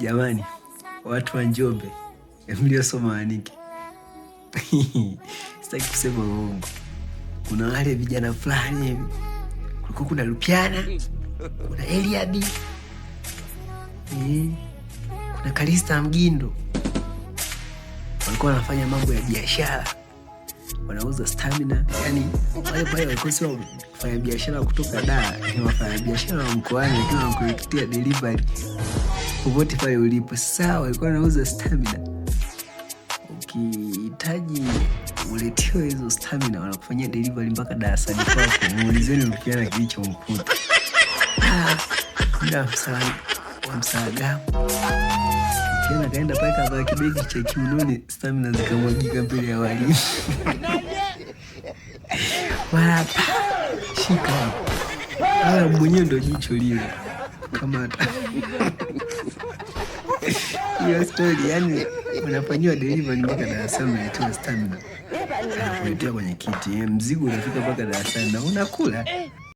Jamani, watu wa Njombe mliosoma wanike, sitaki kusema uongo. Kuna wale vijana fulani hivi, kulikuwa kuna Lupiana, kuna Eliabi, eh, kuna Kalista Mgindo, walikuwa wanafanya mambo ya biashara wanauza stamina, yani wale pale wakosi wa biashara kutoka da ni biashara wa mkoani, lakini wanakuletea delivery popote pale ulipo. Sasa walikuwa wanauza stamina, ukihitaji uletiwe hizo stamina, wanakufanyia delivery mpaka darasani kwako. Muulizeni mkiana kilichomkuta ah, mda wa msaaga akaenda paka kavaa kibegi cha kiunoni, stamina zikamwagika mbele ya walimu. Marapa shika haya, mwenyewe ndo jicho lile kama hiyo stori, yani unafanyiwa delivery mpaka darasani, unaletewa stamina, anakuletea kwenye kiti, eh, mzigo unafika mpaka darasani na unakula.